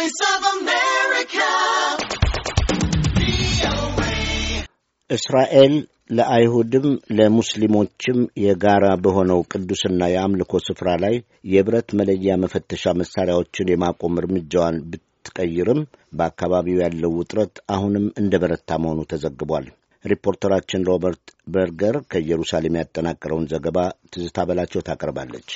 Voice of America. እስራኤል ለአይሁድም ለሙስሊሞችም የጋራ በሆነው ቅዱስና የአምልኮ ስፍራ ላይ የብረት መለያ መፈተሻ መሳሪያዎችን የማቆም እርምጃዋን ብትቀይርም በአካባቢው ያለው ውጥረት አሁንም እንደ በረታ መሆኑ ተዘግቧል። ሪፖርተራችን ሮበርት በርገር ከኢየሩሳሌም ያጠናቀረውን ዘገባ ትዝታ በላቸው ታቀርባለች።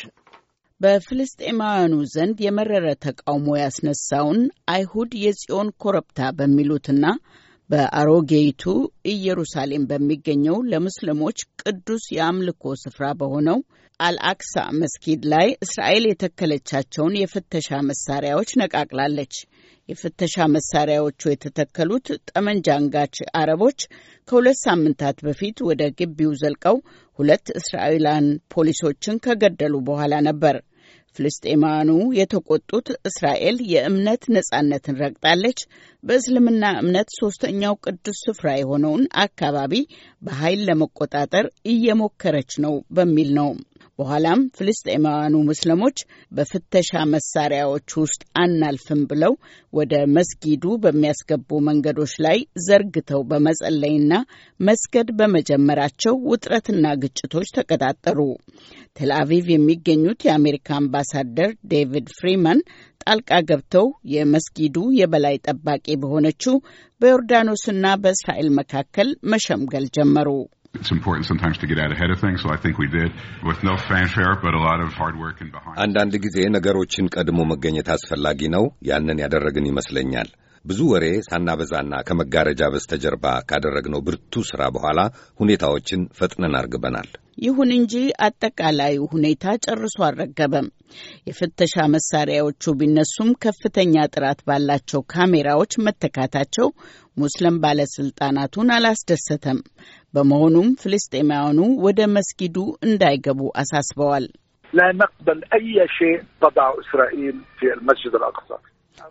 በፍልስጤማውያኑ ዘንድ የመረረ ተቃውሞ ያስነሳውን አይሁድ የጽዮን ኮረብታ በሚሉትና በአሮጌይቱ ኢየሩሳሌም በሚገኘው ለሙስሊሞች ቅዱስ የአምልኮ ስፍራ በሆነው አልአክሳ መስጊድ ላይ እስራኤል የተከለቻቸውን የፍተሻ መሳሪያዎች ነቃቅላለች። የፍተሻ መሳሪያዎቹ የተተከሉት ጠመንጃ አንጋች አረቦች ከሁለት ሳምንታት በፊት ወደ ግቢው ዘልቀው ሁለት እስራኤላን ፖሊሶችን ከገደሉ በኋላ ነበር። ፍልስጤማኑ የተቆጡት እስራኤል የእምነት ነጻነትን ረግጣለች፣ በእስልምና እምነት ሶስተኛው ቅዱስ ስፍራ የሆነውን አካባቢ በኃይል ለመቆጣጠር እየሞከረች ነው በሚል ነው። በኋላም ፍልስጤማውያኑ ሙስሊሞች በፍተሻ መሳሪያዎች ውስጥ አናልፍም ብለው ወደ መስጊዱ በሚያስገቡ መንገዶች ላይ ዘርግተው በመጸለይና መስገድ በመጀመራቸው ውጥረትና ግጭቶች ተቀጣጠሩ። ቴልአቪቭ የሚገኙት የአሜሪካ አምባሳደር ዴቪድ ፍሪማን ጣልቃ ገብተው የመስጊዱ የበላይ ጠባቂ በሆነችው በዮርዳኖስና በእስራኤል መካከል መሸምገል ጀመሩ። አንዳንድ ጊዜ ነገሮችን ቀድሞ መገኘት አስፈላጊ ነው። ያንን ያደረግን ይመስለኛል። ብዙ ወሬ ሳናበዛና ከመጋረጃ በስተጀርባ ካደረግነው ብርቱ ስራ በኋላ ሁኔታዎችን ፈጥነን አርግበናል። ይሁን እንጂ አጠቃላዩ ሁኔታ ጨርሶ አልረገበም። የፍተሻ መሳሪያዎቹ ቢነሱም ከፍተኛ ጥራት ባላቸው ካሜራዎች መተካታቸው ሙስሊም ባለስልጣናቱን አላስደሰተም። በመሆኑም ፍልስጤማውያኑ ወደ መስጊዱ እንዳይገቡ አሳስበዋል።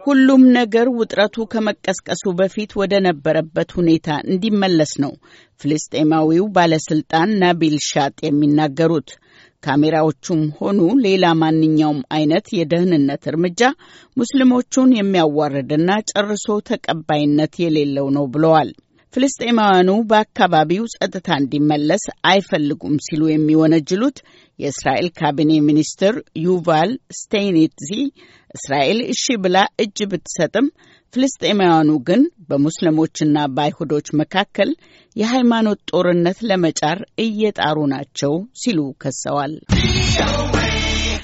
ሁሉም ነገር ውጥረቱ ከመቀስቀሱ በፊት ወደ ነበረበት ሁኔታ እንዲመለስ ነው ፍልስጤማዊው ባለስልጣን ናቢል ሻጥ የሚናገሩት። ካሜራዎቹም ሆኑ ሌላ ማንኛውም አይነት የደህንነት እርምጃ ሙስሊሞቹን የሚያዋርድና ጨርሶ ተቀባይነት የሌለው ነው ብለዋል። ፍልስጤማውያኑ በአካባቢው ጸጥታ እንዲመለስ አይፈልጉም ሲሉ የሚወነጅሉት የእስራኤል ካቢኔ ሚኒስትር ዩቫል ስቴይኔትዚ እስራኤል እሺ ብላ እጅ ብትሰጥም ፍልስጤማውያኑ ግን በሙስሊሞችና በአይሁዶች መካከል የሃይማኖት ጦርነት ለመጫር እየጣሩ ናቸው ሲሉ ከሰዋል።